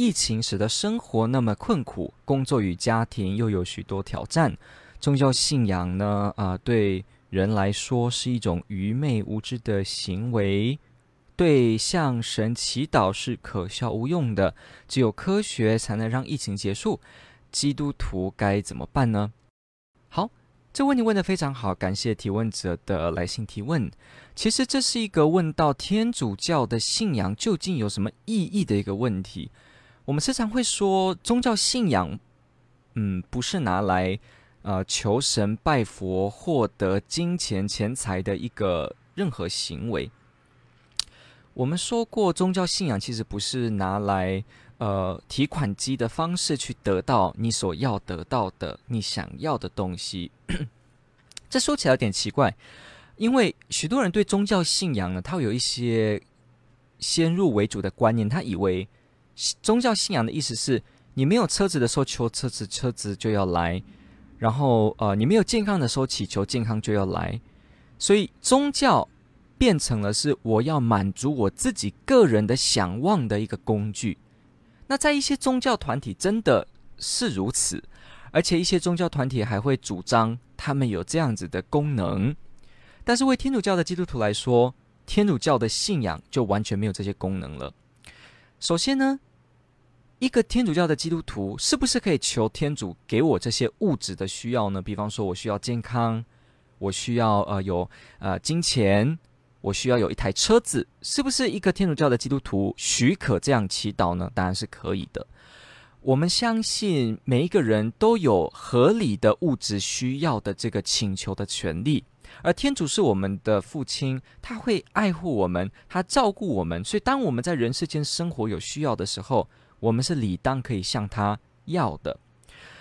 疫情使得生活那麼困苦，工作與家庭又有許多挑戰。宗教信仰呢？啊、呃，對人來說是一種愚昧無知的行為，對向神祈禱是可笑無用的。只有科學才能讓疫情結束。基督徒該怎麼辦呢？好，這問題問得非常好，感謝提問者的來信提問。其實這是一個問到天主教的信仰究竟有什麼意義的一個問題。我們時常會說，宗教信仰，嗯，不是拿來，呃，求神拜佛、獲得金錢錢財的一個任何行為。我們說過，宗教信仰其實不是拿來，呃，提款機的方式去得到你所要得到的、你想要的東西。 這說起來有點奇怪，因為許多人對宗教信仰呢，他有一些先入為主的觀念，他以為。宗教信仰的意思是你沒有車子的時候求車子，車子就要來；然後呃，你沒有健康的時候祈求健康就要來。所以宗教變成了是我要滿足我自己個人的想望的一個工具。那在一些宗教團體真的是如此，而且一些宗教團體還會主張他們有這樣子的功能。但是為天主教的基督徒來說，天主教的信仰就完全沒有這些功能了。首先呢。一個天主教的基督徒是不是可以求天主給我這些物質的需要呢？比方說，我需要健康，我需要呃有呃金錢，我需要有一台車子，是不是一個天主教的基督徒許可這樣祈禱呢？當然是可以的。我們相信每一個人都有合理的物質需要的這個請求的權利，而天主是我們的父親，他會愛護我們，他照顧我們，所以當我們在人世間生活有需要的時候。我們是理當可以向他要的，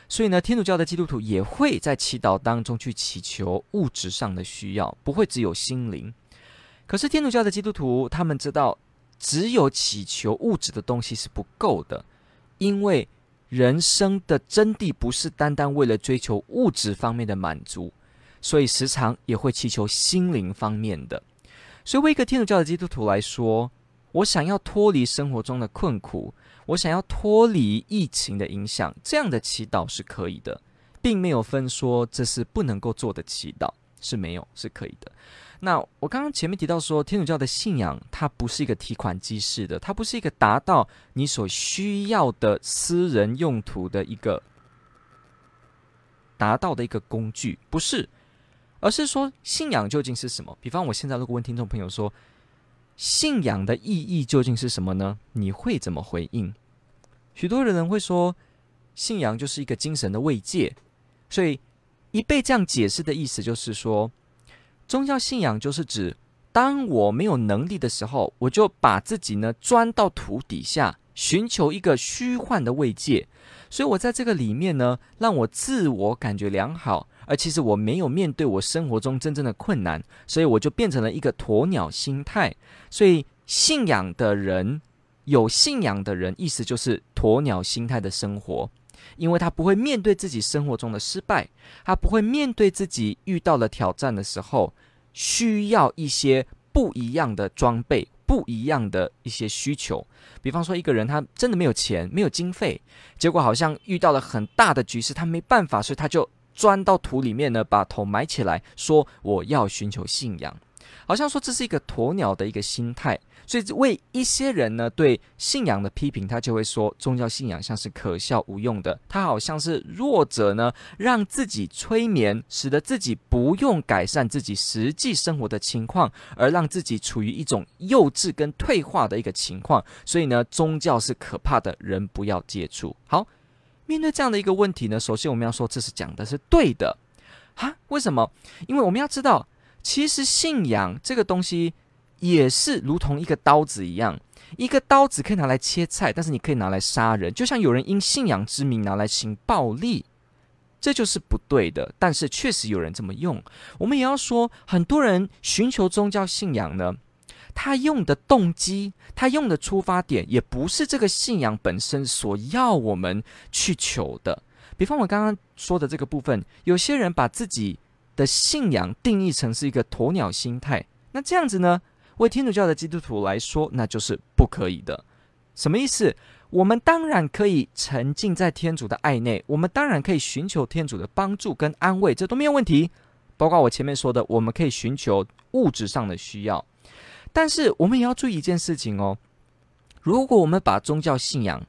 所以呢，天主教的基督徒也會在祈禱當中去祈求物質上的需要，不會只有心靈。可是天主教的基督徒他們知道，只有祈求物質的東西是不夠的，因為人生的真諦不是單單為了追求物質方面的滿足，所以時常也會祈求心靈方面的。所以為一個天主教的基督徒來說。我想要脫離生活中的困苦，我想要脫離疫情的影響，這樣的祈禱是可以的，並沒有分說這是不能夠做的祈禱，是沒有，是可以的。那我剛剛前面提到說，天主教的信仰它不是一個提款機式的，它不是一個達到你所需要的私人用途的一個達到的一個工具，不是，而是說信仰究竟是什麼？比方我現在如果問聽眾朋友說。信仰的意義究竟是什麼呢？你會怎麼回應？許多人會說，信仰就是一個精神的慰藉。所以，一被這樣解釋的意思就是說，宗教信仰就是指，當我沒有能力的時候，我就把自己呢鑽到土底下，尋求一個虛幻的慰藉。所以我在這個裡面呢，讓我自我感覺良好。而其實我沒有面對我生活中真正的困難，所以我就變成了一個鴕鳥心態。所以信仰的人，有信仰的人，意思就是鴕鳥心態的生活，因為他不會面對自己生活中的失敗，他不會面對自己遇到了挑戰的時候，需要一些不一樣的裝備，不一樣的一些需求。比方說，一個人他真的沒有錢，沒有經費，結果好像遇到了很大的局勢，他沒辦法，所以他就，鑽到土裡面呢，把頭埋起來，說我要尋求信仰，好像說這是一個鴕鳥的一個心態。所以為一些人呢，對信仰的批評，他就會說宗教信仰像是可笑無用的，他好像是弱者呢，讓自己催眠，使得自己不用改善自己實際生活的情況，而讓自己處於一種幼稚跟退化的一個情況。所以呢，宗教是可怕的，人不要接觸。好。面對這樣的一個問題呢，首先我們要說這是講的是對的，哈，為什麼？因為我們要知道，其實信仰這個東西也是如同一個刀子一樣，一個刀子可以拿來切菜，但是你可以拿來殺人。就像有人因信仰之名拿來行暴力，這就是不對的。但是確實有人這麼用，我們也要說，很多人尋求宗教信仰呢。他用的動機，他用的出發點，也不是這個信仰本身所要我們去求的。比方我剛剛說的這個部分，有些人把自己的信仰定義成是一個鴕鳥心態，那這樣子呢，為天主教的基督徒來說，那就是不可以的。什麼意思？我們當然可以沉浸在天主的愛內，我們當然可以尋求天主的幫助跟安慰，這都沒有問題。包括我前面說的，我們可以尋求物質上的需要。但是我們也要注意一件事情哦，如果我們把宗教信仰，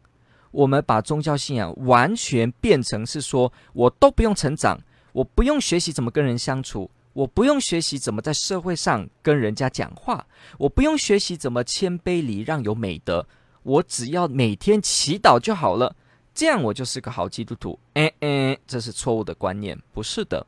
我們把宗教信仰完全變成是說，我都不用成長，我不用學習怎麼跟人相處，我不用學習怎麼在社會上跟人家講話，我不用學習怎麼謙卑禮讓有美德，我只要每天祈禱就好了，這樣我就是個好基督徒。哎哎，這是錯誤的觀念，不是的。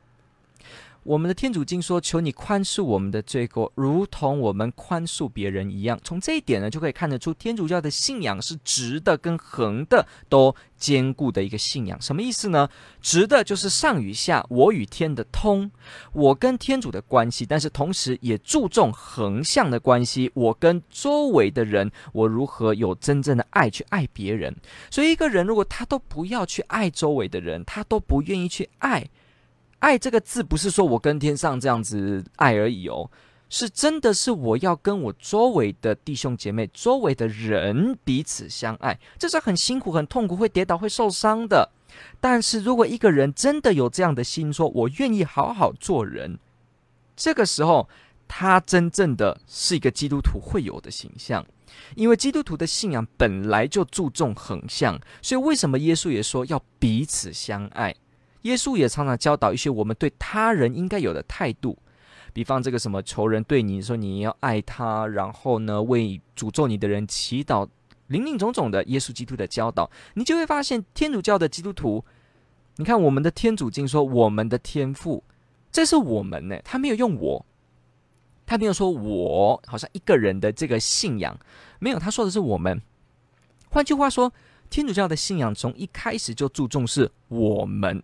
我們的天主經說：“求你寬恕我們的罪過，如同我們寬恕別人一樣。”從這一點呢，就可以看得出天主教的信仰是直的跟橫的都兼顧的一個信仰。什麼意思呢？直的就是上與下，我與天的通，我跟天主的關係；但是同時也注重橫向的關係，我跟周圍的人，我如何有真正的愛去愛別人。所以一個人如果他都不要去愛周圍的人，他都不願意去愛。愛這個字不是說我跟天上這樣子愛而已哦，是真的是我要跟我周圍的弟兄姐妹、周圍的人彼此相愛，這是很辛苦、很痛苦、會跌倒、會受傷的。但是如果一個人真的有這樣的心說，說我願意好好做人，這個時候他真正的是一個基督徒會有的形象，因為基督徒的信仰本來就注重橫向，所以為什麼耶穌也說要彼此相愛？耶穌也常常教導一些我們對他人應該有的態度，比方這個什麼仇人對你說你要愛他，然後呢，為詛咒你的人祈禱，林林總總的耶穌基督的教導，你就會發現天主教的基督徒，你看我們的天主經說我們的天父，這是我們呢，他沒有用我，他沒有說我，好像一個人的這個信仰沒有，他說的是我們。換句話說，天主教的信仰從一開始就注重是我們。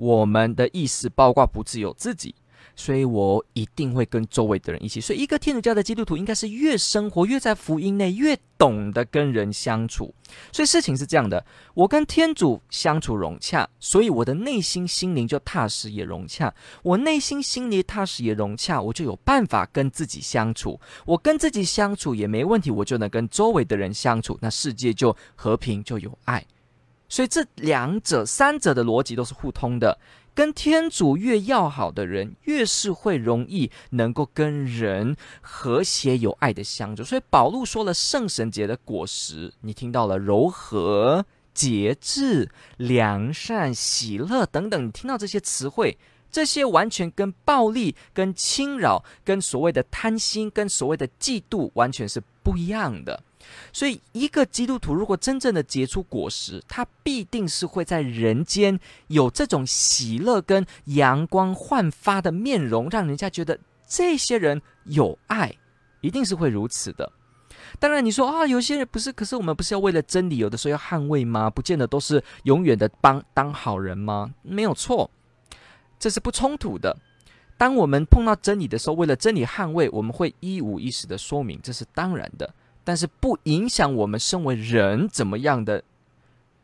我們的意識包括不只有自己，所以我一定會跟周圍的人一起。所以一個天主教的基督徒應該是越生活越在福音內，越懂得跟人相處。所以事情是這樣的，我跟天主相處融洽，所以我的內心心靈就踏實也融洽。我內心心靈踏實也融洽，我就有辦法跟自己相處。我跟自己相處也沒問題，我就能跟周圍的人相處，那世界就和平，就有愛。所以這兩者、三者的邏輯都是互通的。跟天主越要好的人，越是會容易能夠跟人和諧、有愛的相處。所以保祿說了，聖神結的果實，你聽到了柔和、節制、良善、喜樂等等，你聽到這些詞彙，這些完全跟暴力、跟侵擾、跟所謂的貪心、跟所謂的嫉妒，完全是不一樣的。所以，一個基督徒如果真正的結出果實，他必定是會在人間有這種喜樂跟陽光煥發的面容，讓人家覺得這些人有愛，一定是會如此的。當然，你說啊，有些人不是，可是我們不是要為了真理，有的時候要捍衛嗎？不見得都是永遠的幫當好人嗎？沒有錯，這是不衝突的。當我們碰到真理的時候，為了真理捍衛，我們會一五一十的說明，這是當然的。但是不影響我們身為人怎麼樣的，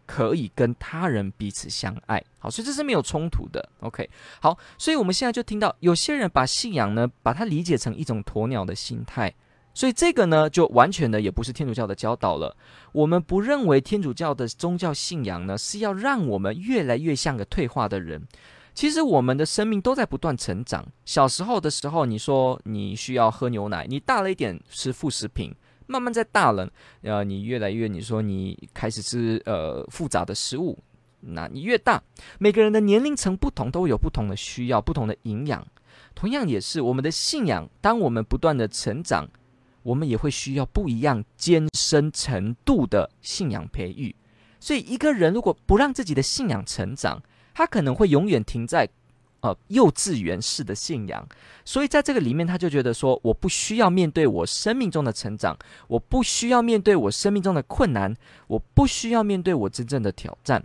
可以跟他人彼此相愛。好，所以這是沒有衝突的。OK，好，所以我們現在就聽到有些人把信仰呢，把它理解成一種鴕鳥的心態。所以這個呢，就完全的也不是天主教的教導了。我們不認為天主教的宗教信仰呢，是要讓我們越來越像個退化的人。其實我們的生命都在不斷成長。小時候的時候，你說你需要喝牛奶，你大了一點吃副食品。慢慢在大人，呃，你越來越，你說你開始吃呃複雜的食物，那你越大，每個人的年齡層不同，都有不同的需要，不同的營養。同樣也是我們的信仰，當我們不斷的成長，我們也會需要不一樣艱深程度的信仰培育。所以，一個人如果不讓自己的信仰成長，他可能會永遠停在幼稚園式的信仰，所以在這個裡面，他就覺得說，我不需要面對我生命中的成長，我不需要面對我生命中的困難，我不需要面對我真正的挑戰，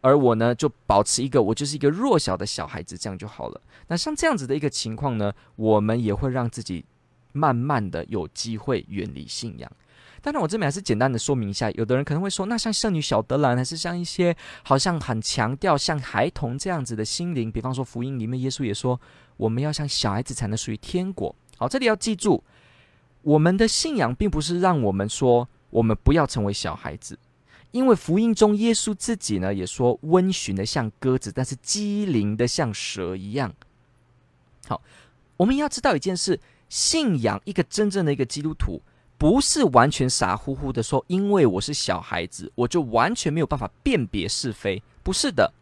而我呢，就保持一個我就是一個弱小的小孩子，這樣就好了。那像這樣子的一個情況呢，我們也會讓自己慢慢的有機會遠離信仰。當然，我這邊還是簡單的說明一下。有的人可能會說，那像聖女小德蘭，還是像一些好像很強調像孩童這樣子的心靈，比方說福音裡面耶穌也說，我們要像小孩子才能屬於天國。好，這裡要記住，我們的信仰並不是讓我們說我們不要成為小孩子，因為福音中耶穌自己呢也說，溫馴的像鴿子，但是機靈的像蛇一樣。好，我們要知道一件事，信仰一個真正的一個基督徒，不是完全傻乎乎的說，因為我是小孩子，我就完全沒有辦法辨別是非。不是的，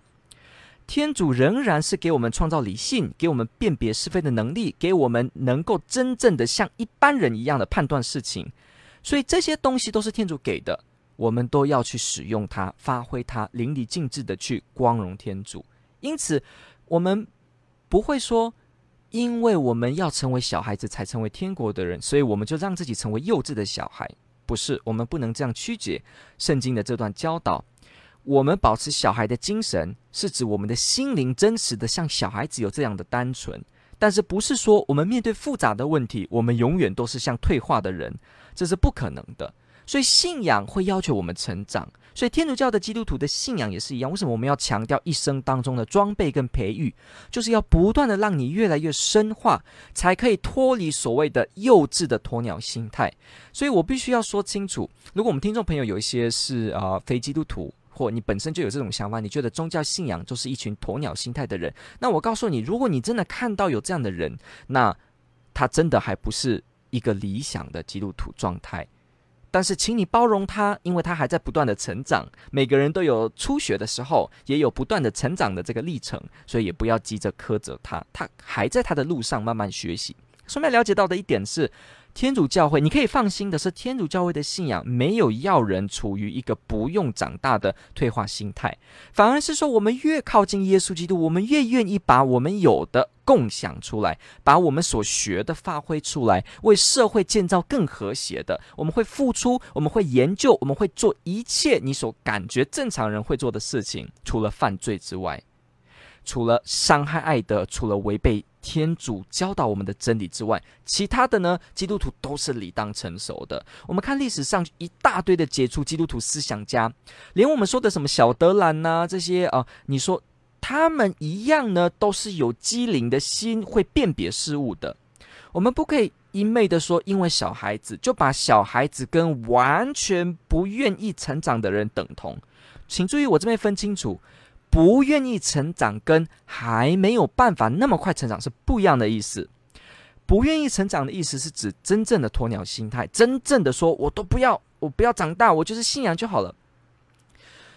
天主仍然是給我們創造理性，給我們辨別是非的能力，給我們能夠真正的像一般人一樣的判斷事情。所以這些東西都是天主給的，我們都要去使用它，發揮它，淋漓盡致的去光榮天主。因此，我們不會說。因為我們要成為小孩子，才成為天國的人，所以我們就讓自己成為幼稚的小孩。不是，我們不能這樣曲解聖經的這段教導。我們保持小孩的精神，是指我們的心靈真實的像小孩子有這樣的單純。但是，不是說我們面對複雜的問題，我們永遠都是像退化的人，這是不可能的。所以，信仰會要求我們成長。所以，天主教的基督徒的信仰也是一樣。為什麼我們要強調一生當中的裝備跟培育，就是要不斷的讓你越來越深化，才可以脫離所謂的幼稚的鴕鳥心態。所以我必須要說清楚，如果我們聽眾朋友有一些是啊、呃、非基督徒，或你本身就有這種想法，你覺得宗教信仰就是一群鴕鳥心態的人，那我告訴你，如果你真的看到有這樣的人，那他真的還不是一個理想的基督徒狀態。但是，請你包容他，因為他還在不斷的成長。每個人都有初學的時候，也有不斷的成長的這個歷程，所以也不要急着苛責他，他還在他的路上慢慢學習。順便了解到的一點是，天主教會，你可以放心的是，天主教會的信仰沒有要人處於一個不用長大的退化心態，反而是說，我們越靠近耶穌基督，我們越願意把我們有的共享出來，把我們所學的發揮出來，為社會建造更和諧的。我們會付出，我們會研究，我們會做一切你所感覺正常人會做的事情，除了犯罪之外，除了傷害愛德，除了違背天主教導我們的真理之外，其他的呢？基督徒都是理當成熟的。我們看歷史上一大堆的傑出基督徒思想家，連我們說的什麼小德蘭吶、啊、這些啊、呃，你說他們一樣呢，都是有機靈的心，會辨別事物的。我們不可以一味的說，因為小孩子就把小孩子跟完全不願意成長的人等同。請注意，我這邊分清楚。不願意成長跟還沒有辦法那麼快成長是不一樣的意思。不願意成長的意思是指真正的鴕鳥心態，真正的說我都不要，我不要長大，我就是信仰就好了。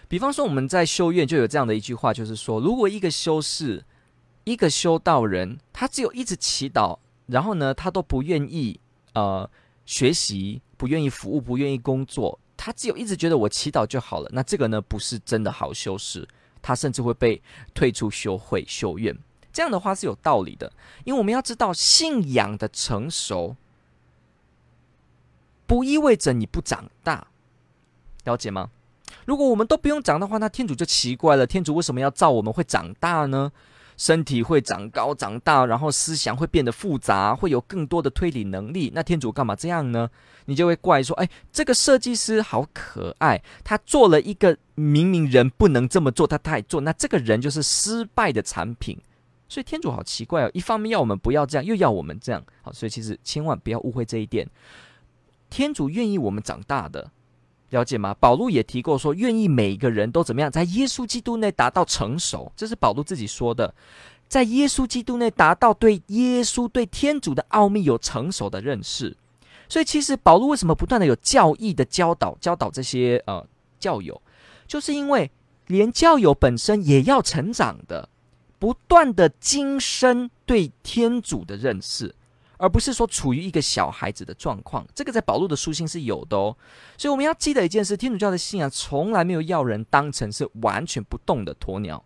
比方說我們在修院就有這樣的一句話，就是說如果一個修士，一個修道人，他只有一直祈禱，然後呢，他都不願意呃學習，不願意服務，不願意工作，他只有一直覺得我祈禱就好了。那這個呢，不是真的好修士。他甚至會被退出修會修院，這樣的話是有道理的，因為我們要知道信仰的成熟，不意味着你不長大，了解嗎？如果我們都不用長的話，那天主就奇怪了，天主為什麼要造我們會長大呢？身體會長高長大，然後思想會變得複雜，會有更多的推理能力。那天主幹嘛這樣呢？你就會怪說：哎，這個設計師好可愛，他做了一個明明人不能這麼做，他太做，那這個人就是失敗的產品。所以天主好奇怪哦，一方面要我們不要這樣，又要我們這樣，好，所以其實千萬不要誤會這一點，天主願意我們長大的。了解嗎？保祿也提過說，願意每一個人都怎麼樣，在耶穌基督內達到成熟，這是保祿自己說的，在耶穌基督內達到對耶穌、對天主的奧祕有成熟的認識。所以，其實保祿為什麼不斷的有教義的教導、教導這些呃教友，就是因為連教友本身也要成長的，不斷的精深對天主的認識。而不是說處於一個小孩子的狀況，這個在保祿的書信是有的哦。所以我們要記得一件事：天主教的信仰從來沒有要人當成是完全不動的鴕鳥，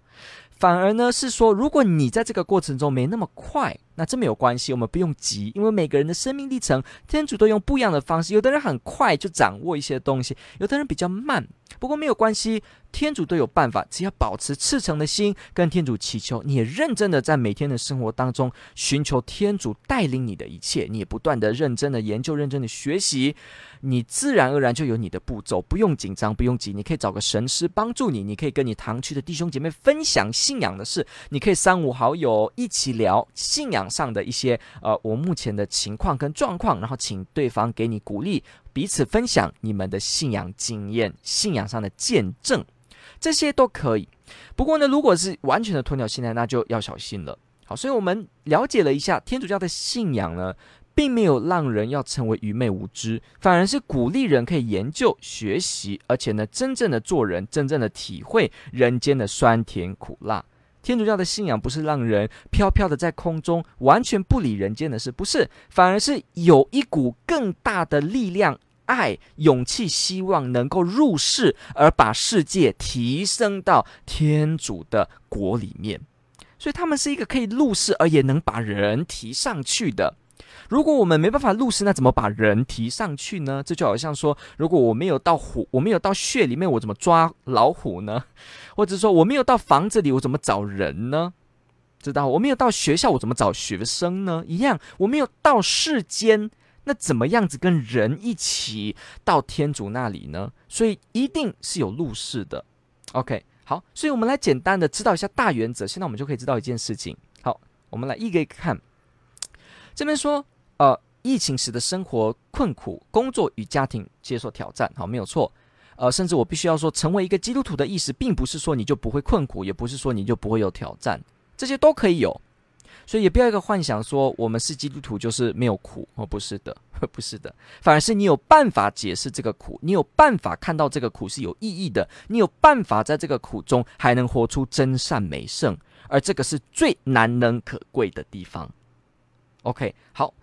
反而呢是說，如果你在這個過程中沒那麼快，那這沒有關係，我們不用急，因為每個人的生命歷程，天主都用不一樣的方式。有的人很快就掌握一些東西，有的人比較慢，不過沒有關係，天主都有辦法。只要保持赤誠的心，跟天主祈求，你也認真的在每天的生活當中尋求天主帶領你的一切，你也不斷的認真的研究，認真的學習，你自然而然就有你的步驟，不用緊張，不用急。你可以找個神師幫助你，你可以跟你堂區的弟兄姐妹分享信仰的事，你可以三五好友一起聊信仰。上的一些呃，我目前的情況跟狀況，然後請對方給你鼓勵，彼此分享你們的信仰經驗、信仰上的見證，這些都可以。不過呢，如果是完全的鴕鳥心態，那就要小心了。好，所以我們了解了一下天主教的信仰呢，並沒有讓人要成為愚昧無知，反而是鼓勵人可以研究學習，而且呢，真正的做人，真正的體會人間的酸甜苦辣。天主教的信仰不是讓人飄飄的在空中，完全不理人間的事，不是，反而是有一股更大的力量、愛、勇氣，希望能夠入世，而把世界提升到天主的國裡面。所以，他們是一個可以入世，而也能把人提上去的。如果我們沒辦法入世，那怎麼把人提上去呢？這就好像說，如果我沒有到虎，我沒有到穴裡面，我怎麼抓老虎呢？或者說，我沒有到房子裡，我怎麼找人呢？知道，我沒有到學校，我怎麼找學生呢？一樣，我沒有到世間，那怎麼樣子跟人一起到天主那裡呢？所以一定是有入世的。OK，好，所以我們來簡單的知道一下大原則，現在我們就可以知道一件事情。好，我們來一個一個看。這邊說，呃，疫情時的生活困苦，工作與家庭接受挑戰，好，沒有錯。呃，甚至我必須要說，成為一個基督徒的意思，並不是說你就不會困苦，也不是說你就不會有挑戰，這些都可以有。所以也不要一個幻想，說我們是基督徒就是沒有苦，哦，不是的，不是的，反而是你有辦法解釋這個苦，你有辦法看到這個苦是有意義的，你有辦法在這個苦中還能活出真善美聖，而這個是最難能可貴的地方。OK，好，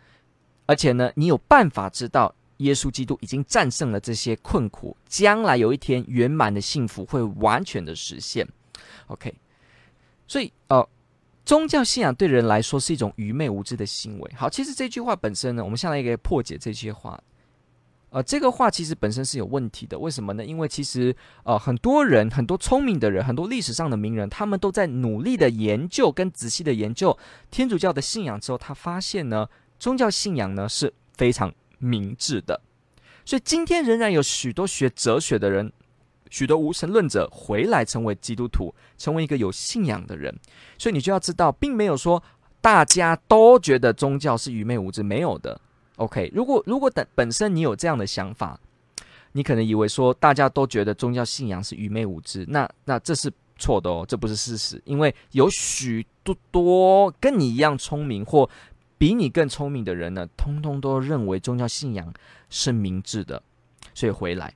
而且呢，你有辦法知道耶穌基督已經戰勝了這些困苦，將來有一天圓滿的幸福會完全的實現。OK，所以呃，宗教信仰對人來說是一種愚昧無知的行為。好，其實這句話本身呢，我們現在也可以破解這句話。呃，這個話其實本身是有問題的，為什麼呢？因為其實呃，很多人、很多聰明的人、很多歷史上的名人，他們都在努力的研究跟仔細的研究天主教的信仰之後，他發現呢，宗教信仰呢是非常明智的。所以今天仍然有許多學哲學的人、許多無神論者回來成為基督徒，成為一個有信仰的人。所以你就要知道，並沒有說大家都覺得宗教是愚昧無知，沒有的。OK，如果如果等本身你有這樣的想法，你可能以為說大家都覺得宗教信仰是愚昧無知，那那這是錯的哦，這不是事實，因為有許多多跟你一樣聰明或比你更聰明的人呢，通通都認為宗教信仰是明智的，所以回來。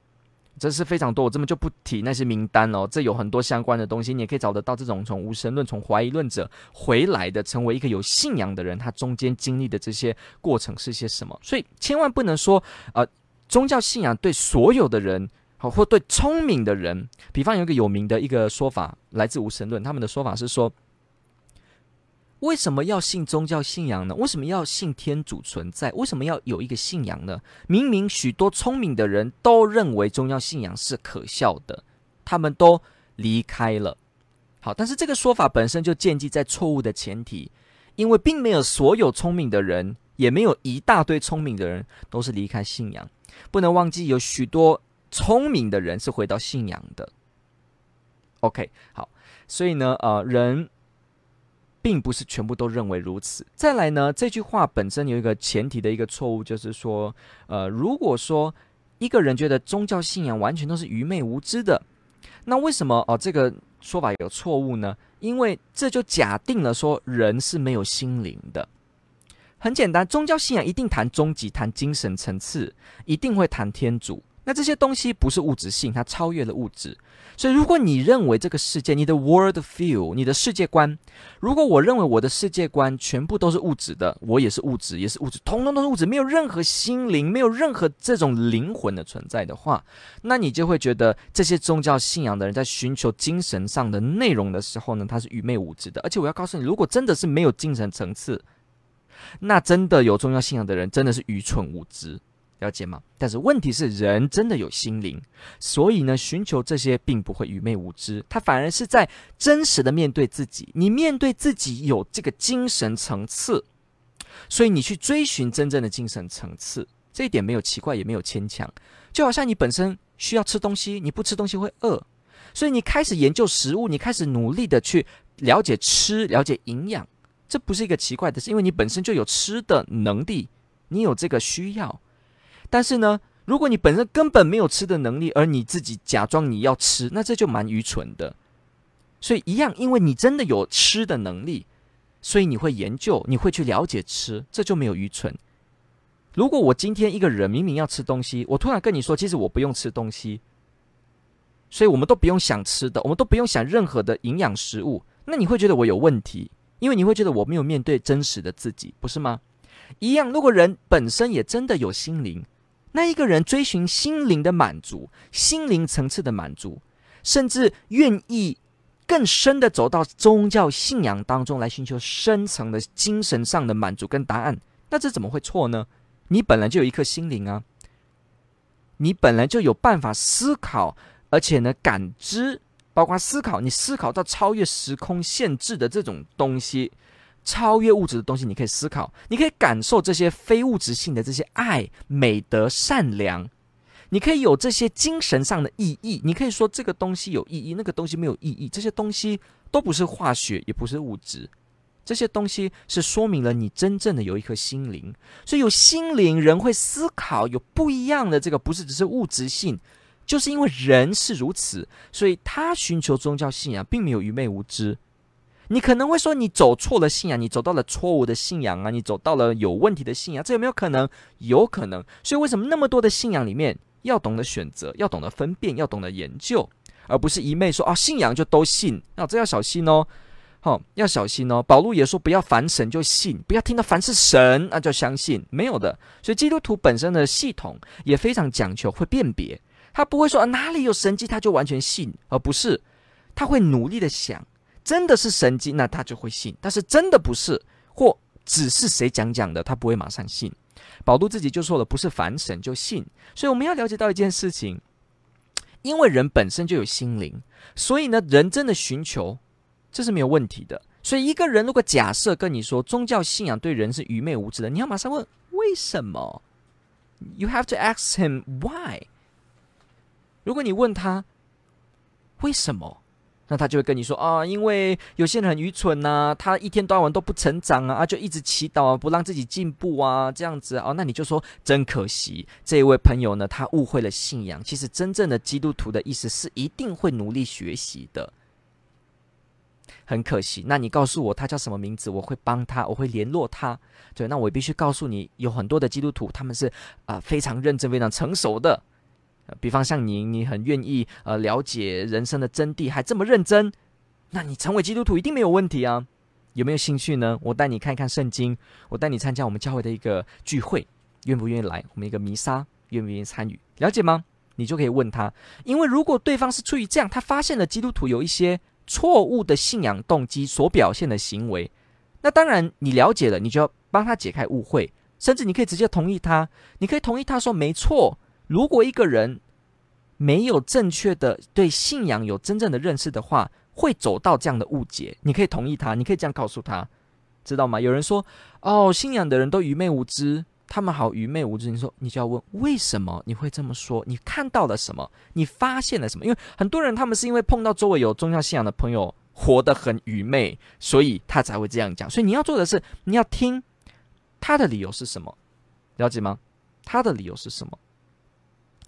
這是非常多，我這麼就不提那些名單哦。這有很多相關的東西，你也可以找得到。這種從無神論、從懷疑論者回來的，成為一個有信仰的人，他中間經歷的這些過程是些什麼？所以千萬不能說，呃，宗教信仰對所有的人，或對聰明的人，比方有一個有名的一個說法，來自無神論，他們的說法是說，為什麼要信宗教信仰呢？為什麼要信天主存在？為什麼要有一個信仰呢？明明許多聰明的人都認為宗教信仰是可笑的，他們都離開了。好，但是這個說法本身就建立在錯誤的前提，因為並沒有所有聰明的人，也沒有一大堆聰明的人都是離開信仰。不能忘記，有許多聰明的人是回到信仰的。OK，好，所以呢，呃，人。並不是全部都認為如此。再來呢，這句話本身有一個前提的一個錯誤，就是說，呃，如果說一個人覺得宗教信仰完全都是愚昧無知的，那為什麼，哦，這個說法有錯誤呢？因為這就假定了說人是沒有心靈的。很簡單，宗教信仰一定談終極、談精神層次，一定會談天主。那這些東西不是物質性，它超越了物質。所以，如果你認為這個世界，你的 world view，你的世界觀，如果我認為我的世界觀全部都是物質的，我也是物質，也是物質，通通都是物質，沒有任何心靈，沒有任何這種靈魂的存在的話，那你就會覺得這些宗教信仰的人在尋求精神上的內容的時候呢，他是愚昧無知的。而且我要告訴你，如果真的是沒有精神層次，那真的有宗教信仰的人真的是愚蠢無知。了解嗎？但是問題是，人真的有心靈，所以呢，尋求這些並不會愚昧無知，他反而是在真實的面對自己。你面對自己有這個精神層次，所以你去追尋真正的精神層次，這一點沒有奇怪，也沒有牽強。就好像你本身需要吃東西，你不吃東西會餓，所以你開始研究食物，你開始努力的去了解吃，了解營養，這不是一個奇怪的事，因為你本身就有吃的能力，你有這個需要。但是呢，如果你本身根本沒有吃的能力，而你自己假裝你要吃，那這就蠻愚蠢的。所以一樣，因為你真的有吃的能力，所以你會研究，你會去了解吃，這就沒有愚蠢。如果我今天一個人明明要吃東西，我突然跟你說，其實我不用吃東西，所以我們都不用想吃的，我們都不用想任何的營養食物，那你會覺得我有問題，因為你會覺得我沒有面對真實的自己，不是嗎？一樣，如果人本身也真的有心靈。那一個人追尋心靈的滿足，心靈層次的滿足，甚至願意更深地走到宗教信仰當中來尋求深層的精神上的滿足跟答案，那這怎麼會錯呢？你本來就有一顆心靈啊，你本來就有辦法思考，而且呢，感知，包括思考，你思考到超越時空限制的這種東西。超越物質的東西，你可以思考，你可以感受這些非物質性的這些愛、美德、善良，你可以有這些精神上的意義。你可以說這個東西有意義，那個東西沒有意義。這些東西都不是化學，也不是物質，這些東西是說明了你真正的有一顆心靈。所以有心靈，人會思考，有不一樣的這個，不是只是物質性，就是因為人是如此，所以他尋求宗教信仰，並沒有愚昧無知。你可能會說，你走錯了信仰，你走到了錯誤的信仰啊，你走到了有問題的信仰，這有沒有可能？有可能。所以為什麼那麼多的信仰裡面，要懂得選擇，要懂得分辨，要懂得研究，而不是一昧說啊、哦、信仰就都信，那、哦、這要小心哦，好、哦、要小心哦。保羅也說，不要凡神就信，不要聽到凡是神那、啊、就相信，沒有的。所以基督徒本身的系統也非常講求會辨別，他不會說、啊、哪裡有神蹟他就完全信，而不是他會努力的想。真的是神蹟，那他就會信；但是真的不是，或只是誰講講的，他不會馬上信。保羅自己就說了，不是凡神就信。所以我們要了解到一件事情，因為人本身就有心靈，所以呢，人真的尋求，這是沒有問題的。所以一個人如果假設跟你說宗教信仰對人是愚昧無知的，你要馬上問為什麼？You have to ask him why。如果你問他為什麼？那他就會跟你說啊，因為有些人很愚蠢吶、啊，他一天到晚都不成長啊，啊就一直祈禱啊，不讓自己進步啊，這樣子啊，哦、那你就說真可惜，這一位朋友呢，他誤會了信仰。其實真正的基督徒的意思是一定會努力學習的，很可惜。那你告訴我他叫什麼名字？我會幫他，我會聯絡他。對，那我必須告訴你，有很多的基督徒，他們是啊、呃、非常認真、非常成熟的。比方像你，你很願意呃了解人生的真諦，還這麼認真，那你成為基督徒一定沒有問題啊！有沒有興趣呢？我帶你看一看聖經，我帶你參加我們教會的一個聚會，願不願意來？我們一個彌撒，願不願意參與？了解嗎？你就可以問他，因為如果對方是出於這樣，他發現了基督徒有一些錯誤的信仰動機所表現的行為，那當然你了解了，你就要幫他解開誤會，甚至你可以直接同意他，你可以同意他說沒錯。如果一個人沒有正確的對信仰有真正的認識的話，會走到這樣的誤解。你可以同意他，你可以這樣告訴他，知道嗎？有人說：“哦，信仰的人都愚昧無知，他們好愚昧無知。”你說，你就要問為什麼你會這麼說？你看到了什麼？你發現了什麼？因為很多人他們是因為碰到周圍有宗教信仰的朋友，活得很愚昧，所以他才會這樣講。所以你要做的是，你要聽他的理由是什麼，了解嗎？他的理由是什麼？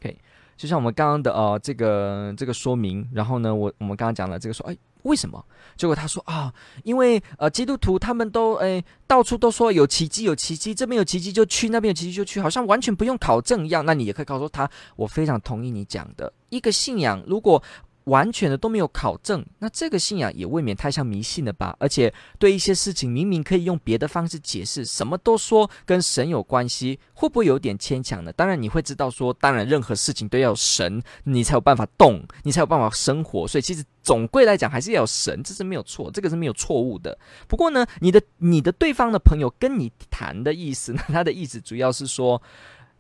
OK，就像我們剛剛的呃，這個這個說明，然後呢，我我們剛剛講了這個說，哎，為什麼？結果他說啊，因為呃，基督徒他們都哎，到處都說有奇蹟，有奇蹟，這邊有奇蹟就去，那邊有奇蹟就去，好像完全不用考證一樣。那你也可以告訴他，我非常同意你講的一個信仰，如果。完全的都沒有考證，那這個信仰也未免太像迷信了吧？而且對一些事情明明可以用別的方式解釋，什麼都說跟神有關係，會不會有點牽強呢？當然你會知道說，當然任何事情都要神，你才有辦法動，你才有辦法生活。所以其實總歸來講還是要有神，這是沒有錯，這個是沒有錯誤的。不過呢，你的你的對方的朋友跟你談的意思，那他的意思主要是說。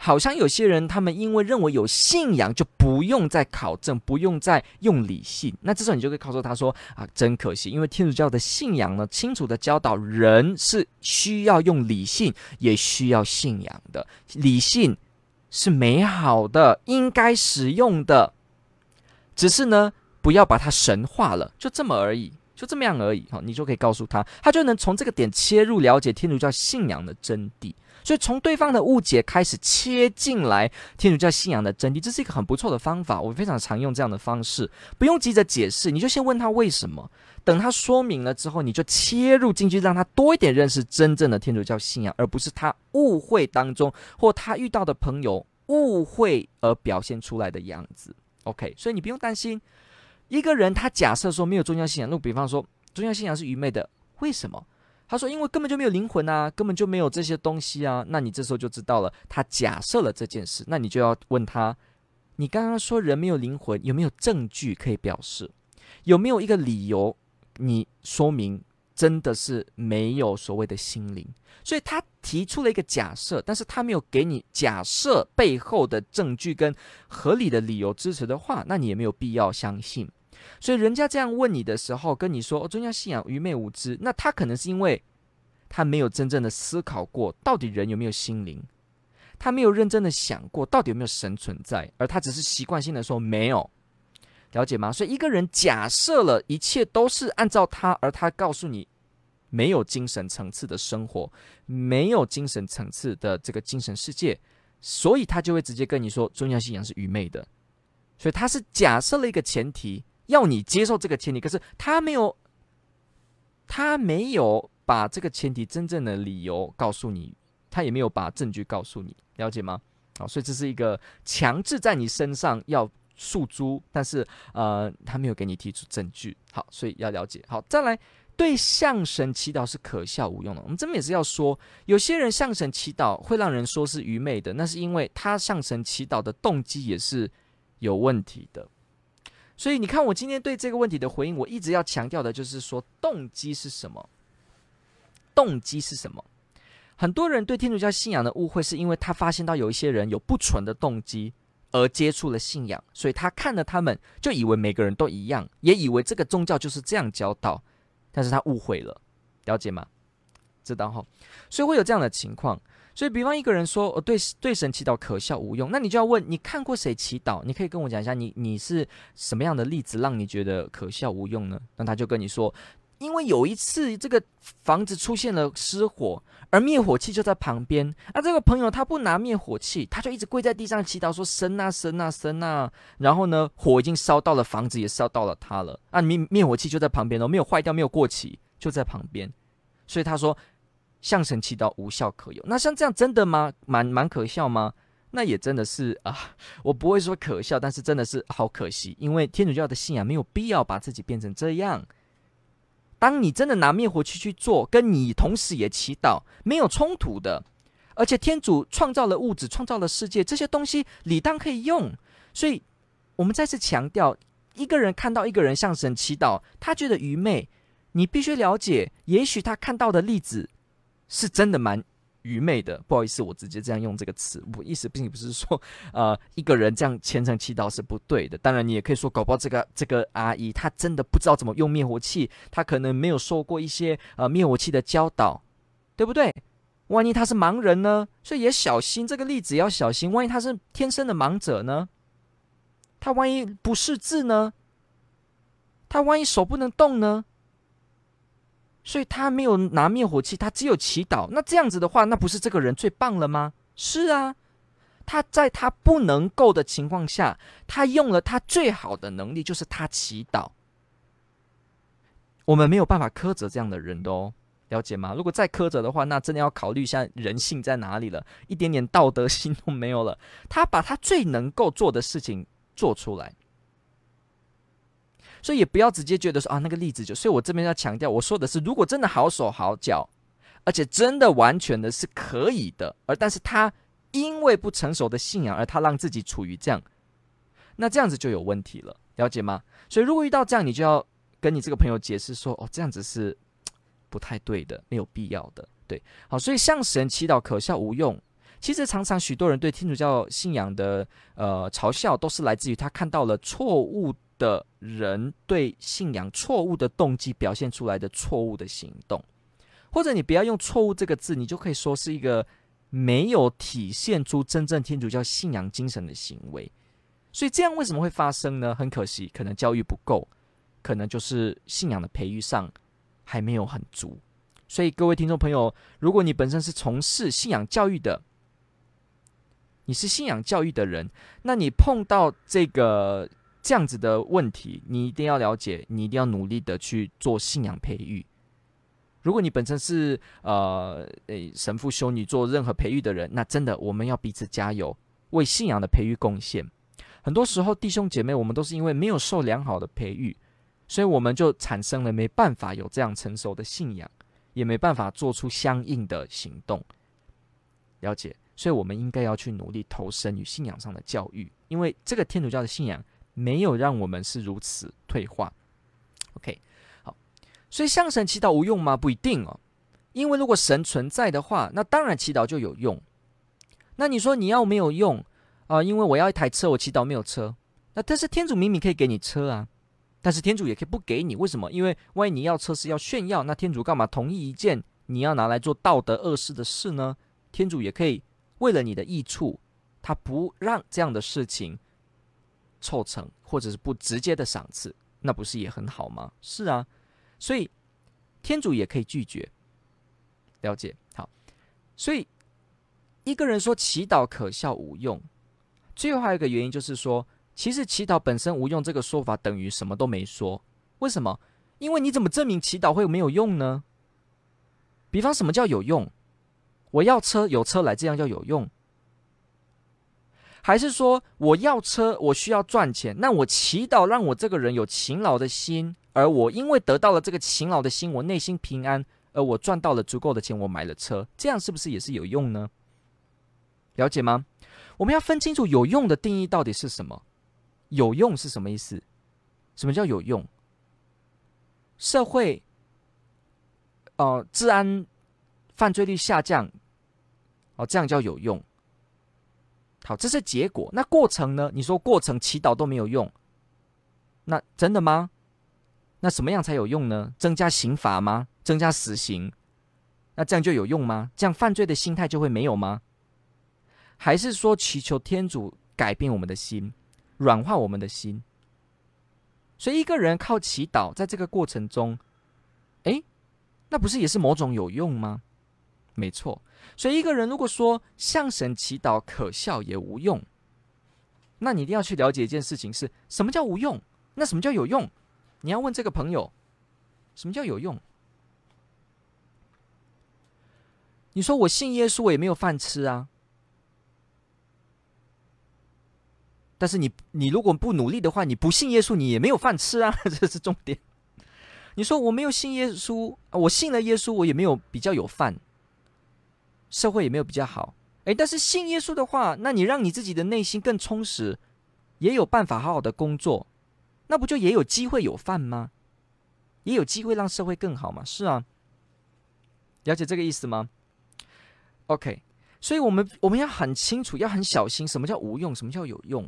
好像有些人，他們因為認為有信仰就不用再考證，不用再用理性。那這時候你就可以告訴他說：“啊，真可惜，因為天主教的信仰呢，清楚的教導人是需要用理性，也需要信仰的。理性是美好的，應該使用的，只是呢，不要把它神化了，就這麼而已，就這麼樣而已。”哈，你就可以告訴他，他就能從這個點切入了解天主教信仰的真諦。所以從對方的誤解開始切進來，天主教信仰的真諦，這是一個很不錯的方法。我非常常用這樣的方式，不用急着解釋，你就先問他為什麼，等他說明了之後，你就切入進去，讓他多一點認識真正的天主教信仰，而不是他誤會當中或他遇到的朋友誤會而表現出來的樣子。OK，所以你不用擔心，一個人他假設說沒有宗教信仰，那比方說宗教信仰是愚昧的，為什麼？他說：“因為根本就沒有靈魂啊，根本就沒有這些東西啊。”那你這時候就知道了，他假設了這件事，那你就要問他：“你剛剛說人沒有靈魂，有沒有證據可以表示？有沒有一個理由你說明真的是沒有所謂的心靈？”所以他提出了一個假設，但是他沒有給你假設背後的證據跟合理的理由支持的話，那你也沒有必要相信。所以人家這樣問你的時候，跟你說“哦，宗教信仰愚昧無知”，那他可能是因為他沒有真正的思考過，到底人有沒有心靈，他沒有認真的想過到底有沒有神存在，而他只是習慣性的說“沒有”，了解嗎？所以一個人假設了一切都是按照他，而他告訴你沒有精神層次的生活，沒有精神層次的這個精神世界，所以他就會直接跟你說宗教信仰是愚昧的。所以他是假設了一個前提。要你接受這個前提，可是他沒有，他沒有把這個前提真正的理由告訴你，他也沒有把證據告訴你，了解嗎？好，所以這是一個強制在你身上要訴諸，但是呃，他沒有給你提出證據。好，所以要了解。好，再來，對向神祈禱是可笑無用的。我們這邊也是要說，有些人向神祈禱會讓人說是愚昧的，那是因為他向神祈禱的動機也是有問題的。所以你看，我今天對這個問題的回應，我一直要強調的就是說，動機是什麼？動機是什麼？很多人對天主教信仰的誤會，是因為他發現到有一些人有不純的動機而接觸了信仰，所以他看了他們就以為每個人都一樣，也以為這個宗教就是這樣教導，但是他誤會了，了解嗎？知道哈？所以會有這樣的情況。所以，比方一個人說：“哦，對對神祈禱可笑無用。”那你就要問：你看過誰祈禱？你可以跟我講一下你，你你是什麼樣的例子讓你覺得可笑無用呢？那他就跟你說：“因為有一次這個房子出現了失火，而滅火器就在旁邊。那這個朋友他不拿滅火器，他就一直跪在地上祈禱說神、啊，說神啊神啊神啊！然後呢，火已經燒到了房子，也燒到了他了。那、啊、滅滅火器就在旁邊，哦，沒有壞掉，沒有過期，就在旁邊。所以他說。”向神祈禱無效可用？那像這樣真的嗎？蠻蠻可笑嗎？那也真的是啊，我不會說可笑，但是真的是好可惜，因為天主教的信仰沒有必要把自己變成這樣。當你真的拿滅火器去，去做，跟你同時也祈禱沒有衝突的，而且天主創造了物質，創造了世界，這些東西理當可以用。所以，我們再次強調，一個人看到一個人向神祈禱，他覺得愚昧，你必須了解，也許他看到的例子。是真的蠻愚昧的，不好意思，我直接這樣用這個詞，我意思並不是說，呃，一個人這樣虔誠祈禱是不對的。當然，你也可以說，搞不好這個這個阿姨她真的不知道怎麼用滅火器，她可能沒有受過一些呃滅火器的教導，對不對？萬一她是盲人呢？所以也小心這個例子也要小心。萬一她是天生的盲者呢？她萬一不識字呢？她萬一手不能動呢？所以他沒有拿滅火器，他只有祈禱。那這樣子的話，那不是這個人最棒了嗎？是啊，他在他不能夠的情況下，他用了他最好的能力，就是他祈禱。我們沒有辦法苛責這樣的人的哦，了解嗎？如果再苛責的話，那真的要考慮一下人性在哪裡了，一點點道德心都沒有了。他把他最能夠做的事情做出來。所以也不要直接覺得說啊那個例子就。所以我這邊要強調，我說的是，如果真的好手好腳，而且真的完全的是可以的，而但是他因為不成熟的信仰而他讓自己處於這樣，那這樣子就有問題了，了解嗎？所以如果遇到這樣，你就要跟你這個朋友解釋說，哦這樣子是不太對的，沒有必要的，對，好，所以向神祈禱可笑無用，其實常常許多人對天主教信仰的呃嘲笑，都是來自於他看到了錯誤。的人對信仰錯誤的動機表現出來的錯誤的行動，或者你不要用“錯誤”這個字，你就可以說是一個沒有體現出真正天主教信仰精神的行為。所以這樣為什麼會發生呢？很可惜，可能教育不夠，可能就是信仰的培育上還沒有很足。所以各位聽眾朋友，如果你本身是從事信仰教育的，你是信仰教育的人，那你碰到這個。這樣子的問題，你一定要了解，你一定要努力的去做信仰培育。如果你本身是呃，誒，神父、修女做任何培育的人，那真的我們要彼此加油，為信仰的培育貢獻。很多時候，弟兄姐妹，我們都是因為沒有受良好的培育，所以我們就產生了沒辦法有這樣成熟的信仰，也沒辦法做出相應的行動。了解，所以我們應該要去努力投身於信仰上的教育，因為這個天主教的信仰。沒有讓我們是如此退化，OK，好，所以向神祈禱無用嗎？不一定哦，因為如果神存在的話，那當然祈禱就有用。那你說你要沒有用啊，呃，因為我要一台車，我祈禱沒有車。那但是天主明明可以給你車啊，但是天主也可以不給你，為什麼？因為萬一你要車是要炫耀，那天主幹嘛同意一件你要拿來做道德惡事的事呢？天主也可以為了你的益處，他不讓這樣的事情。湊成，或者是不直接的賞賜，那不是也很好嗎？是啊，所以天主也可以拒絕，了解好。所以一個人說祈禱可笑無用，最後還有一個原因就是說，其實祈禱本身無用這個說法等於什麼都沒說。為什麼？因為你怎麼證明祈禱會沒有用呢？比方什麼叫有用？我要車，有車來，這樣叫有用。還是說我要車，我需要賺錢，那我祈禱讓我這個人有勤勞的心，而我因為得到了這個勤勞的心，我內心平安，而我賺到了足夠的錢，我買了車，這樣是不是也是有用呢？了解嗎？我們要分清楚有用的定義到底是什麼？有用是什麼意思？什麼叫有用？社會，呃，治安犯罪率下降，哦、呃，這樣叫有用。好，這是結果。那過程呢？你說過程祈禱都沒有用，那真的嗎？那什麼樣才有用呢？增加刑罰嗎？增加死刑？那這樣就有用嗎？這樣犯罪的心態就會沒有嗎？還是說祈求天主改變我們的心，軟化我們的心？所以一個人靠祈禱，在這個過程中，誒，那不是也是某種有用嗎？沒錯，所以一個人如果說向神祈禱可笑也無用，那你一定要去了解一件事情，是什麼叫無用，那什麼叫有用？你要問這個朋友，什麼叫有用？你說我信耶穌，我也沒有飯吃啊。但是你你如果不努力的話，你不信耶穌，你也沒有飯吃啊，這是重點。你說我沒有信耶穌，我信了耶穌，我也沒有比較有飯。社會也沒有比較好，誒，但是信耶穌的話，那你讓你自己的內心更充實，也有辦法好好的工作，那不就也有機會有飯嗎？也有機會讓社會更好嗎？是啊，了解這個意思嗎？OK，所以我們我們要很清楚，要很小心，什麼叫無用，什麼叫有用，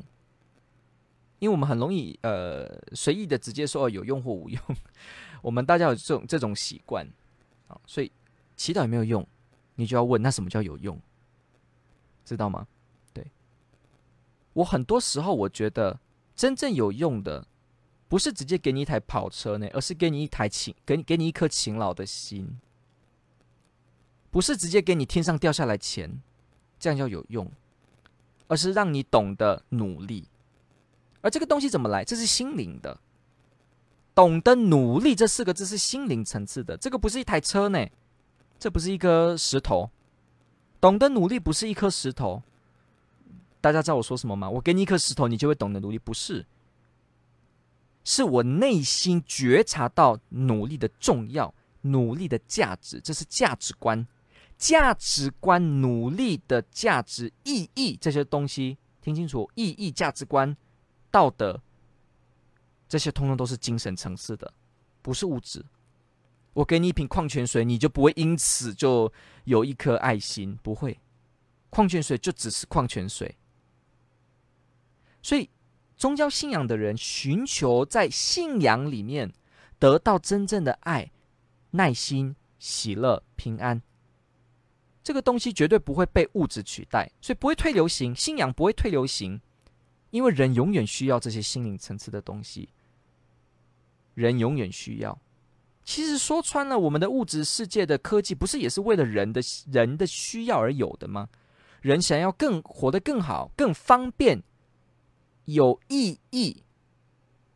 因為我們很容易呃隨意的直接說哦有用或無用， 我們大家有這種這種習慣啊、哦，所以祈禱也沒有用。你就要問，那什麼叫有用？知道嗎？對，我很多時候我覺得，真正有用的，不是直接給你一台跑車呢，而是給你一台勤，給給你一顆勤勞的心。不是直接給你天上掉下來錢，這樣叫有用，而是讓你懂得努力。而這個東西怎麼來？這是心靈的。懂得努力這四個字是心靈層次的，這個不是一台車呢。這不是一顆石頭，懂得努力不是一顆石頭。大家知道我說什麼嗎？我給你一顆石頭，你就會懂得努力不是？是我內心覺察到努力的重要，努力的價值，這是價值觀。價值觀、努力的價值、意義這些東西，聽清楚，意義、價值觀、道德，這些通通都是精神層次的，不是物質。我給你一瓶礦泉水，你就不會因此就有一顆愛心，不會。礦泉水就只是礦泉水。所以，宗教信仰的人尋求在信仰裡面得到真正的愛、耐心、喜樂、平安，這個東西絕對不會被物質取代，所以不會退流行。信仰不會退流行，因為人永遠需要這些心靈層次的東西，人永遠需要。其實說穿了，我們的物質世界的科技，不是也是為了人的人的需要而有的嗎？人想要更活得更好、更方便、有意義，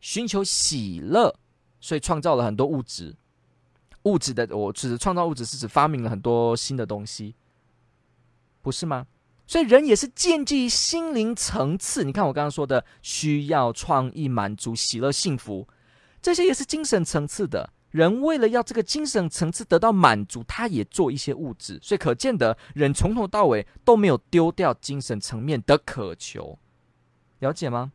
尋求喜樂，所以創造了很多物質。物質的，我指創造物質是指發明了很多新的東西，不是嗎？所以人也是建基於心靈層次。你看我剛剛說的，需要創意滿足喜樂幸福，這些也是精神層次的。人為了要這個精神層次得到滿足，他也做一些物質，所以可見的人從頭到尾都沒有丟掉精神層面的渴求，了解嗎？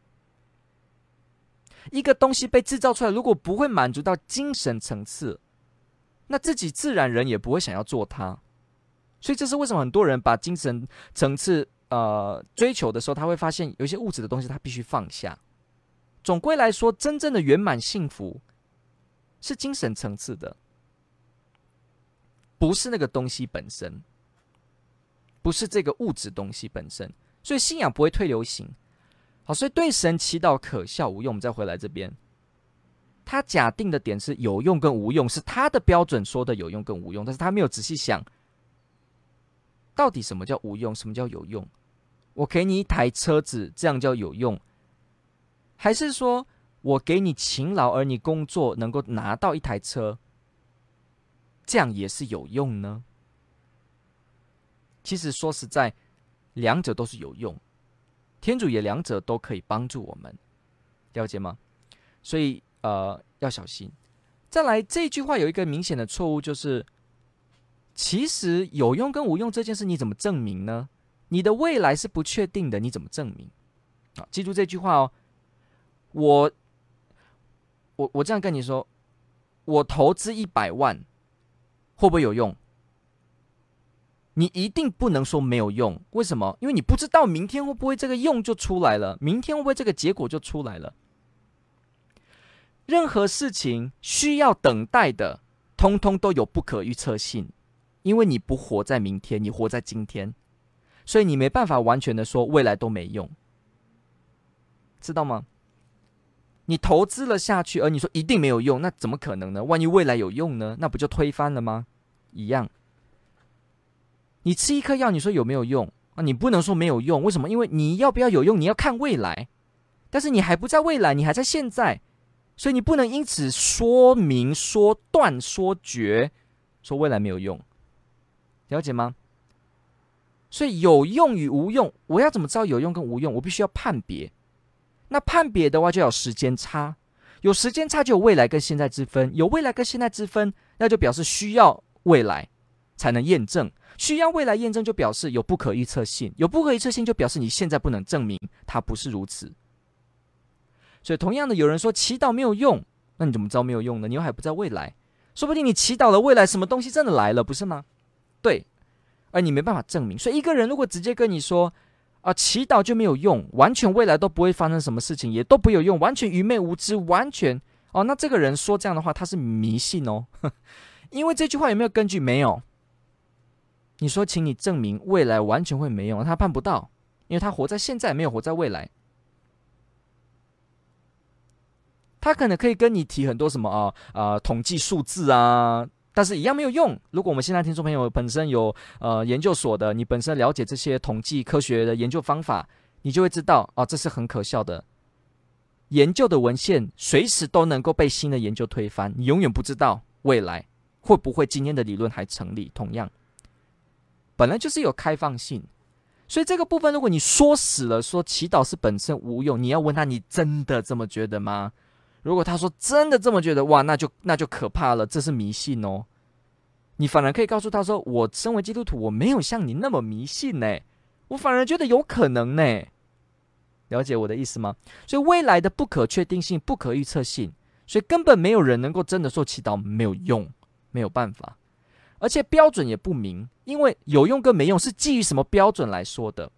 一個東西被製造出來，如果不會滿足到精神層次，那自己自然人也不會想要做它，所以這是為什麼很多人把精神層次呃追求的時候，他會發現有一些物質的東西他必須放下。總歸來說，真正的圓滿幸福。是精神層次的，不是那個東西本身，不是這個物質東西本身，所以信仰不會退流行。好，所以對神祈禱可笑無用，我們再回來這邊，他假定的點是有用跟無用，是他的標準說的有用跟無用，但是他沒有仔細想，到底什麼叫無用，什麼叫有用？我給你一台車子，這樣叫有用，還是說？我給你勤勞，而你工作能夠拿到一台車，這樣也是有用呢？其實說實在，兩者都是有用，天主也兩者都可以幫助我們，了解嗎？所以呃要小心。再來這句話有一個明顯的錯誤，就是其實有用跟無用這件事你怎麼證明呢？你的未來是不確定的，你怎麼證明？啊，記住這句話哦，我。我我這樣跟你說，我投資一百萬，會不會有用？你一定不能說沒有用，為什麼？因為你不知道明天會不會這個用就出來了，明天會不會這個結果就出來了。任何事情需要等待的，通通都有不可預測性，因為你不活在明天，你活在今天，所以你沒辦法完全的說未來都沒用，知道嗎？你投資了下去，而你說一定沒有用，那怎麼可能呢？萬一未來有用呢？那不就推翻了嗎？一樣。你吃一顆藥，你說有沒有用啊？你不能說沒有用，為什麼？因為你要不要有用，你要看未來，但是你還不在未來，你還在現在，所以你不能因此說明、說斷、說絕，說未來沒有用，了解嗎？所以有用與無用，我要怎麼知道有用跟無用？我必須要判別。那判別的話，就要有時間差，有時間差就有未來跟現在之分，有未來跟現在之分，那就表示需要未來才能驗證，需要未來驗證就表示有不可預測性，有不可預測性就表示你現在不能證明它不是如此。所以，同樣的，有人說祈禱沒有用，那你怎麼知道沒有用呢？你又還不在未來，說不定你祈禱了未來，什麼東西真的來了，不是嗎？對，而你沒辦法證明。所以，一個人如果直接跟你說。啊、呃，祈禱就沒有用，完全未來都不會發生什麼事情，也都不有用，完全愚昧無知，完全哦，那這個人說這樣的話，他是迷信哦，因為這句話有沒有根據？沒有。你說，請你證明未來完全會沒用，他辦不到，因為他活在現在，沒有活在未來。他可能可以跟你提很多什麼啊啊、呃，統計數字啊。但是，一樣沒有用。如果我們現在聽眾朋友本身有呃研究所的，你本身了解這些統計科學的研究方法，你就會知道，哦，這是很可笑的。研究的文獻隨時都能夠被新的研究推翻，你永遠不知道未來會不會今天的理論還成立。同樣，本來就是有開放性，所以這個部分，如果你說死了說祈禱是本身無用，你要問他，你真的這麼覺得嗎？如果他說真的這麼覺得哇，那就那就可怕了，這是迷信哦。你反而可以告訴他說，我身為基督徒，我沒有像你那麼迷信呢，我反而覺得有可能呢。了解我的意思嗎？所以未來的不可確定性、不可預測性，所以根本沒有人能夠真的說祈禱沒有用、沒有辦法，而且標準也不明，因為有用跟沒用是基於什麼標準來說的。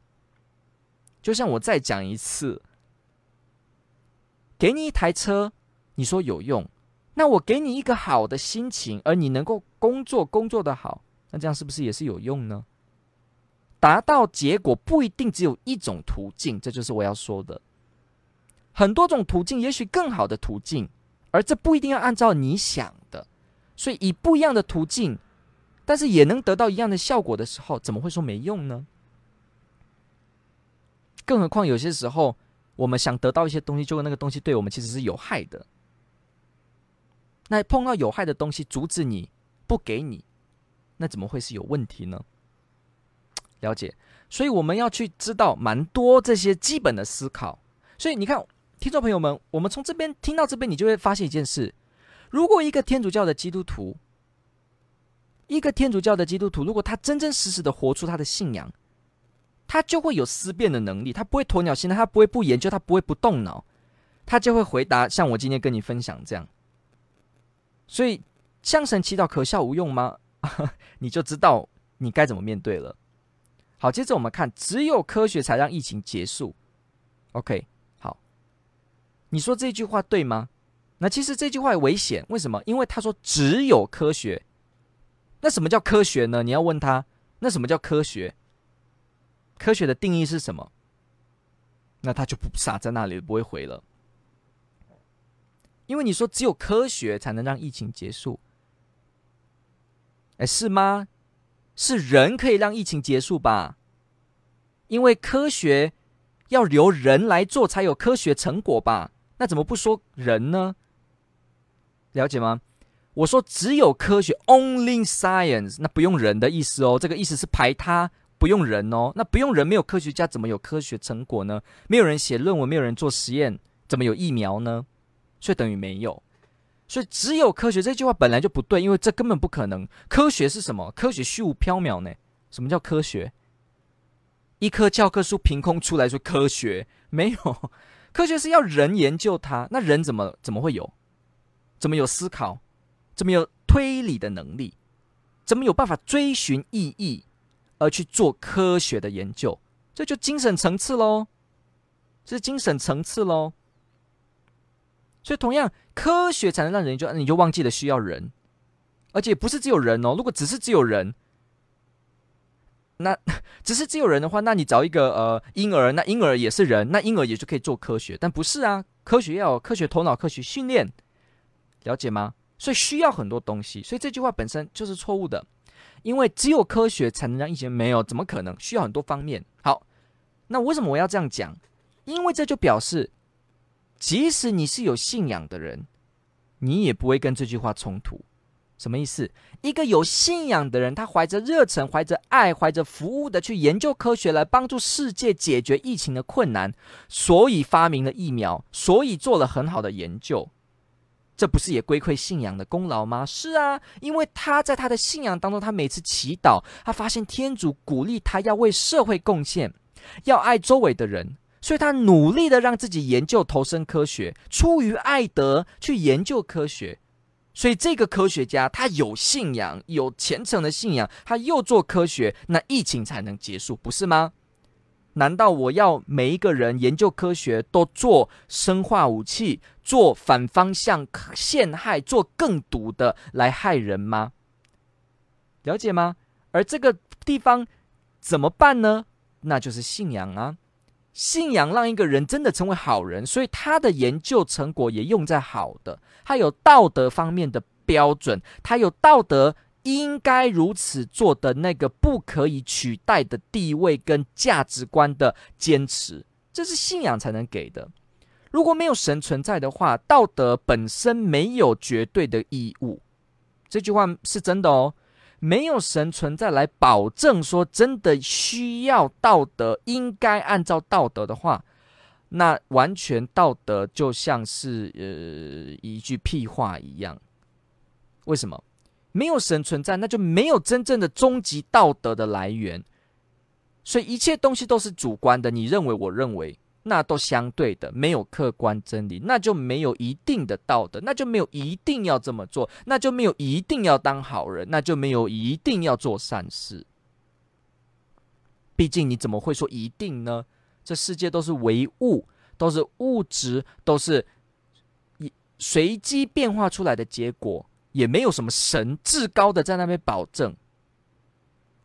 就像我再講一次。給你一台車，你說有用？那我給你一個好的心情，而你能夠工作工作得好，那這樣是不是也是有用呢？達到結果不一定只有一種途徑，這就是我要說的，很多種途徑，也許更好的途徑，而這不一定要按照你想的。所以以不一樣的途徑，但是也能得到一樣的效果的時候，怎麼會說沒用呢？更何況有些時候。我們想得到一些東西，就那個東西對我們其實是有害的。那碰到有害的東西，阻止你不給你，那怎麼會是有問題呢？了解，所以我們要去知道蠻多這些基本的思考。所以你看，聽眾朋友們，我們從這邊聽到這邊，你就會發現一件事，如果一個天主教的基督徒，一個天主教的基督徒，如果他真真實實的活出他的信仰，他就會有思辨的能力，他不會鴕鳥心態，他不會不研究，他不會不動腦，他就會回答像我今天跟你分享這樣。所以向神祈禱可笑無用嗎？ 你就知道你該怎麼面對了。好，接着我們看，只有科學才讓疫情結束。OK，好，你說這句話對嗎？那其實這句話有危險，為什麼？因為他說只有科學。那什麼叫科學呢？你要問他，那什麼叫科學？科學的定義是什麼？那他就不傻在那裡，不會回了。因為你說只有科學才能讓疫情結束。哎，是嗎？是人可以讓疫情結束吧？因為科學要由人來做才有科學成果吧？那怎麼不說人呢？了解嗎？我說只有科學，only science，那不用人的意思哦，這個意思是排他。不用人哦，那不用人，沒有科學家怎麼有科學成果呢？沒有人寫論文，沒有人做實驗，怎麼有疫苗呢？所以等於沒有。所以只有科學這句話本來就不對，因為這根本不可能。科學是什麼？科學虛無縹緲呢？什麼叫科學？一顆教科書憑空出來說科學沒有，科學是要人研究它。那人怎麼怎麼會有？怎麼有思考？怎麼有推理的能力？怎麼有辦法追尋意義？而去做科學的研究，這就精神層次嘍，這是精神層次嘍。所以，同樣，科學才能讓人研究，你就忘記了需要人，而且不是只有人哦。如果只是只有人，那只是只有人的話，那你找一個呃嬰兒，那嬰兒也是人，那嬰兒也就可以做科學，但不是啊，科學要有科學頭腦、科學訓練，了解嗎？所以需要很多東西，所以這句話本身就是錯誤的。因為只有科學才能讓疫情沒有，怎麼可能？需要很多方面。好，那為什麼我要這樣講？因為這就表示，即使你是有信仰的人，你也不會跟這句話衝突。什麼意思？一個有信仰的人，他懷着熱忱、懷着愛、懷着服務的去研究科學，來幫助世界解決疫情的困難，所以發明了疫苗，所以做了很好的研究。這不是也歸功信仰的功勞嗎？是啊，因為他在他的信仰當中，他每次祈禱，他發現天主鼓勵他要為社會貢獻，要愛周圍的人，所以他努力地讓自己研究投身科學，出於愛德去研究科學。所以這個科學家，他有信仰，有虔誠的信仰，他又做科學，那疫情才能結束，不是嗎？難道我要每一個人研究科學都做生化武器，做反方向陷害，做更毒的來害人嗎？了解嗎？而這個地方怎麼辦呢？那就是信仰啊！信仰讓一個人真的成為好人，所以他的研究成果也用在好的，他有道德方面的標準，他有道德。應該如此做的那個不可以取代的地位跟價值觀的堅持，這是信仰才能給的。如果沒有神存在的話，道德本身沒有絕對的義務。這句話是真的哦，沒有神存在來保證說真的需要道德，應該按照道德的話，那完全道德就像是呃一句屁話一樣。為什麼？沒有神存在，那就沒有真正的終極道德的來源，所以一切東西都是主觀的。你認為，我認為，那都相對的，沒有客觀真理，那就沒有一定的道德，那就沒有一定要這麼做，那就沒有一定要當好人，那就沒有一定要做善事。畢竟你怎麼會說一定呢？這世界都是唯物，都是物質，都是一隨機變化出來的結果。也沒有什麼神至高的在那邊保證。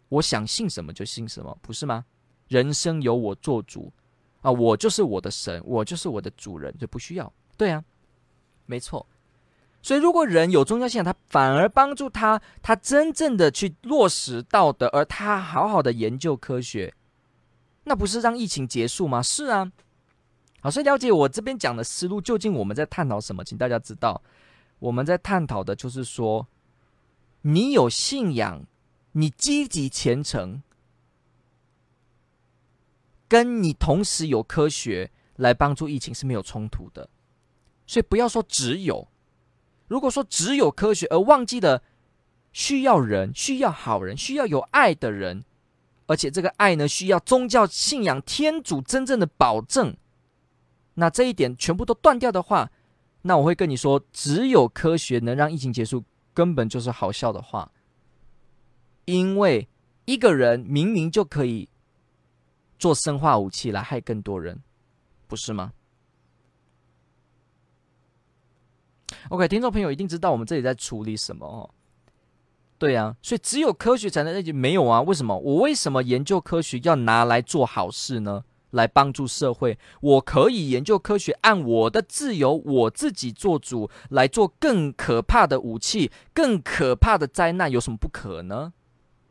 我想信什麼就信什麼，不是嗎？人生由我做主啊！我就是我的神，我就是我的主人，就不需要。對啊，沒錯。所以如果人有宗教信仰，他反而幫助他，他真正的去落實道德，而他好好的研究科學，那不是讓疫情結束嗎？是啊。好，所以了解我這邊講的思路，究竟我們在探討什麼？請大家知道。我們在探討的就是說，你有信仰，你積極虔誠，跟你同時有科學來幫助疫情是沒有衝突的。所以不要說只有，如果說只有科學而忘記了需要人，需要好人，需要有愛的人，而且這個愛呢需要宗教信仰、天主真正的保證，那這一點全部都斷掉的話。那我會跟你說，只有科學能讓疫情結束，根本就是好笑的話。因為一個人明明就可以做生化武器來害更多人，不是嗎？OK，聽眾朋友一定知道我們這裡在處理什麼哦。對呀、啊，所以只有科學才能……沒有啊？為什麼？我為什麼研究科學要拿來做好事呢？來幫助社會，我可以研究科學，按我的自由，我自己做主，來做更可怕的武器，更可怕的災難，有什麼不可呢？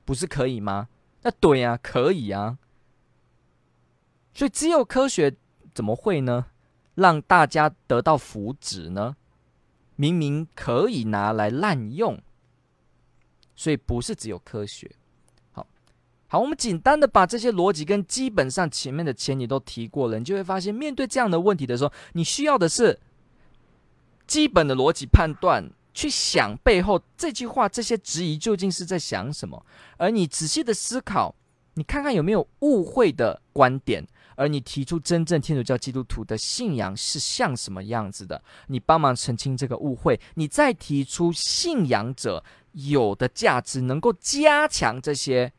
不是可以嗎？那對呀、啊，可以啊。所以只有科學怎麼會呢？讓大家得到福祉呢？明明可以拿來濫用，所以不是只有科學。好，我們簡單的把這些邏輯跟基本上前面的前提都提過了，你就會發現，面對這樣的問題的時候，你需要的是基本的邏輯判斷，去想背後這句話這些質疑究竟是在想什麼。而你仔細的思考，你看看有沒有誤會的觀點，而你提出真正天主教基督徒的信仰是像什麼樣子的，你幫忙澄清這個誤會，你再提出信仰者有的價值，能夠加強這些。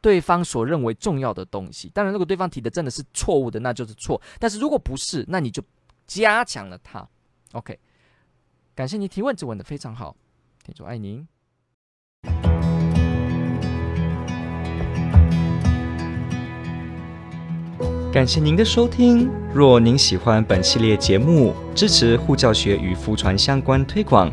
對方所認為重要的東西，當然，如果對方提的真的是錯誤的，那就是錯；但是如果不是，那你就加強了它。OK，感謝您提問，這問得非常好，聽眾愛您。感謝您的收聽。若您喜歡本系列節目，支持護教學與福傳相關推廣。